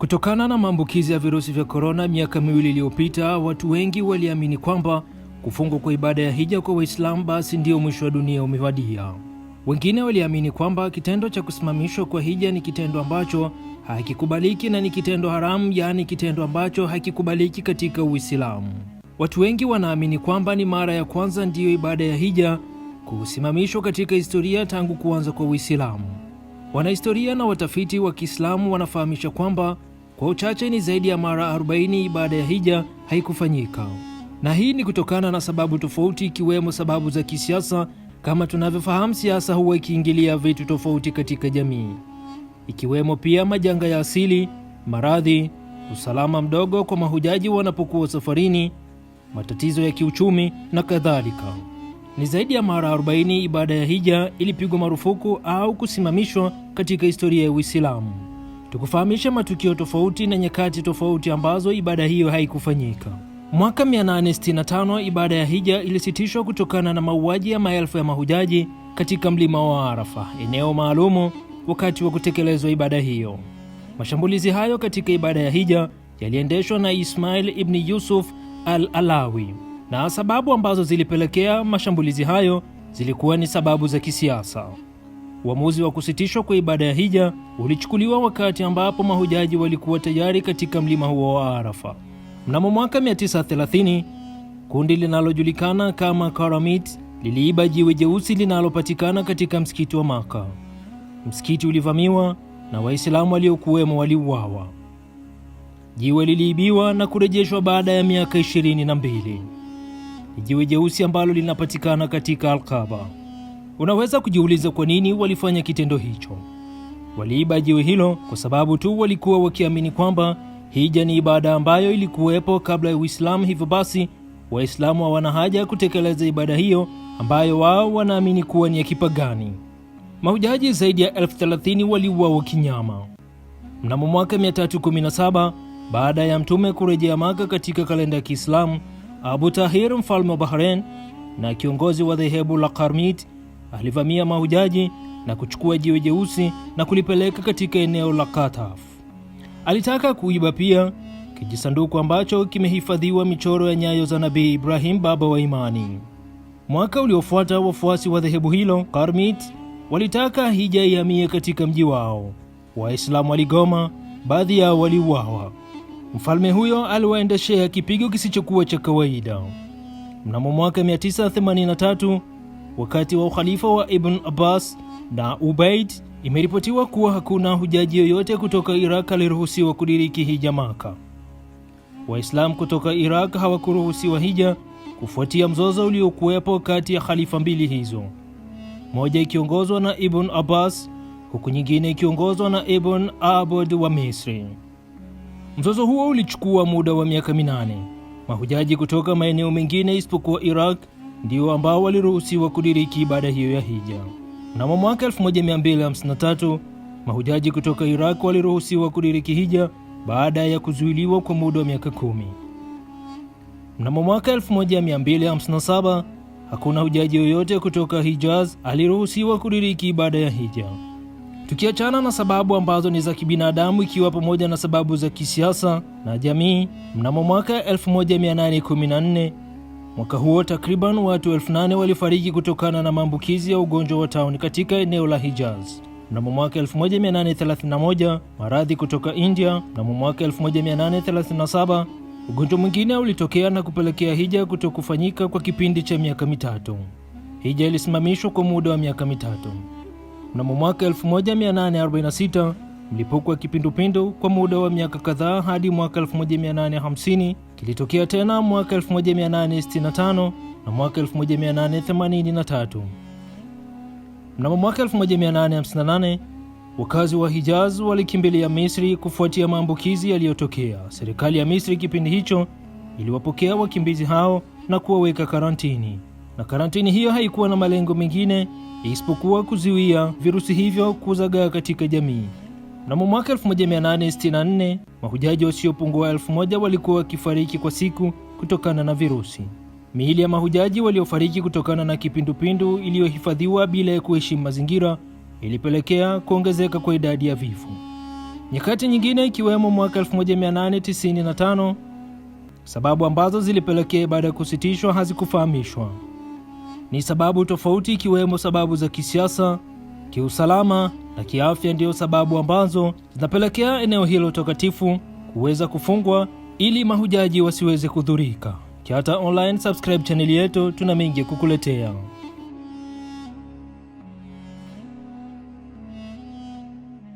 Kutokana na maambukizi ya virusi vya korona miaka miwili iliyopita, watu wengi waliamini kwamba kufungwa kwa ibada ya hija kwa Waislamu basi ndiyo mwisho wa dunia umewadia. Wengine waliamini kwamba kitendo cha kusimamishwa kwa hija ni kitendo ambacho hakikubaliki na ni kitendo haramu, yaani kitendo ambacho hakikubaliki katika Uislamu. Watu wengi wanaamini kwamba ni mara ya kwanza ndiyo ibada ya hija kusimamishwa katika historia tangu kuanza kwa Uislamu. Wanahistoria na watafiti wa Kiislamu wanafahamisha kwamba kwa uchache ni zaidi ya mara 40 ibada ya hija haikufanyika, na hii ni kutokana na sababu tofauti, ikiwemo sababu za kisiasa. Kama tunavyofahamu, siasa huwa ikiingilia vitu tofauti katika jamii, ikiwemo pia majanga ya asili, maradhi, usalama mdogo kwa mahujaji wanapokuwa safarini, matatizo ya kiuchumi na kadhalika. Ni zaidi ya mara 40 ibada ya hija ilipigwa marufuku au kusimamishwa katika historia ya Uislamu tukufahamishe matukio tofauti na nyakati tofauti ambazo ibada hiyo haikufanyika. Mwaka 865 ibada ya hija ilisitishwa kutokana na mauaji ya maelfu ya mahujaji katika mlima wa Arafa, eneo maalumu wakati wa kutekelezwa ibada hiyo. Mashambulizi hayo katika ibada ya hija yaliendeshwa na Ismail ibni Yusuf al-Alawi, na sababu ambazo zilipelekea mashambulizi hayo zilikuwa ni sababu za kisiasa. Uamuzi wa kusitishwa kwa ibada ya hija ulichukuliwa wakati ambapo mahujaji walikuwa tayari katika mlima huo wa Arafa. Mnamo mwaka 930 kundi linalojulikana kama Karamit liliiba jiwe jeusi linalopatikana katika msikiti wa Maka. Msikiti ulivamiwa na Waislamu waliokuwemo waliuawa. Jiwe liliibiwa na kurejeshwa baada ya miaka 22 Ni jiwe jeusi ambalo linapatikana katika Alkaba. Unaweza kujiuliza kwa nini walifanya kitendo hicho. Waliiba jiwe hilo kwa sababu tu walikuwa wakiamini kwamba hija ni ibada ambayo ilikuwepo kabla ya Uislamu, hivyo basi Waislamu hawana haja ya kutekeleza ibada hiyo ambayo wao wanaamini kuwa ni ya kipagani. Mahujaji zaidi ya elfu thelathini waliuawa kinyama mnamo mwaka 317 baada ya mtume kurejea Maka. Katika kalenda ya Kiislamu, Abu Tahir mfalme wa Bahrain na kiongozi wa dhehebu la Karmit alivamia mahujaji na kuchukua jiwe jeusi na kulipeleka katika eneo la Kataf. Alitaka kuiba pia kijisanduku ambacho kimehifadhiwa michoro ya nyayo za Nabii Ibrahim, baba wa imani. Mwaka uliofuata, wafuasi wa dhehebu hilo Karmit walitaka hija ihamie katika mji wao. Waislamu waligoma, baadhi yao waliuawa. Mfalme huyo aliwaendeshea kipigo kisichokuwa cha kawaida. Mnamo mwaka 983 wakati wa ukhalifa wa Ibn Abbas na Ubaid, imeripotiwa kuwa hakuna hujaji yoyote kutoka Iraq aliruhusiwa kudiriki hija Maka. Waislamu kutoka Iraq hawakuruhusiwa hija kufuatia mzozo uliokuwepo kati ya khalifa mbili hizo, moja ikiongozwa na Ibn Abbas huku nyingine ikiongozwa na Ibn Abd wa Misri. Mzozo huo ulichukua muda wa miaka minane. Mahujaji kutoka maeneo mengine isipokuwa Iraq ndio ambao waliruhusiwa kudiriki ibada hiyo ya hija. Mnamo mwaka 1253 mahujaji kutoka Iraq waliruhusiwa kudiriki hija baada ya kuzuiliwa kwa muda wa miaka kumi. Mnamo mwaka 1257 hakuna hujaji yoyote kutoka Hijaz aliruhusiwa kudiriki ibada ya hija. Tukiachana na sababu ambazo ni za kibinadamu, ikiwa pamoja na sababu za kisiasa na jamii, mnamo mwaka 1814 Mwaka huo takriban watu elfu nane walifariki kutokana na maambukizi ya ugonjwa wa tauni katika eneo la Hijaz. Mnamo mwaka 1831 maradhi kutoka India. Mnamo mwaka 1837 ugonjwa mwingine ulitokea na kupelekea hija kutokufanyika kwa kipindi cha miaka mitatu. Hija ilisimamishwa kwa muda wa miaka mitatu. Mnamo mwaka 1846 mlipuko wa kipindupindu kwa muda wa miaka kadhaa hadi mwaka 1850 kilitokea tena mwaka 1865 na mwaka 1883. Mnamo mwaka 1858 wakazi wa Hijaz walikimbilia Misri kufuatia maambukizi yaliyotokea. Serikali ya Misri kipindi hicho iliwapokea wakimbizi hao na kuwaweka karantini, na karantini hiyo haikuwa na malengo mengine isipokuwa kuziwia virusi hivyo kuzagaa katika jamii. Mnamo mwaka 1864 mahujaji wasiopungua elfu moja walikuwa wakifariki kwa siku kutokana na virusi. Miili ya mahujaji waliofariki kutokana na kipindupindu iliyohifadhiwa bila ya kuheshimu mazingira ilipelekea kuongezeka kwa idadi ya vifo. Nyakati nyingine ikiwemo mwaka 1895, sababu ambazo zilipelekea ibada ya kusitishwa hazikufahamishwa. Ni sababu tofauti ikiwemo sababu za kisiasa, kiusalama na kiafya ndiyo sababu ambazo zinapelekea eneo hilo takatifu kuweza kufungwa ili mahujaji wasiweze kudhurika. Kyata Online, subscribe chaneli yetu, tuna mengi kukuletea.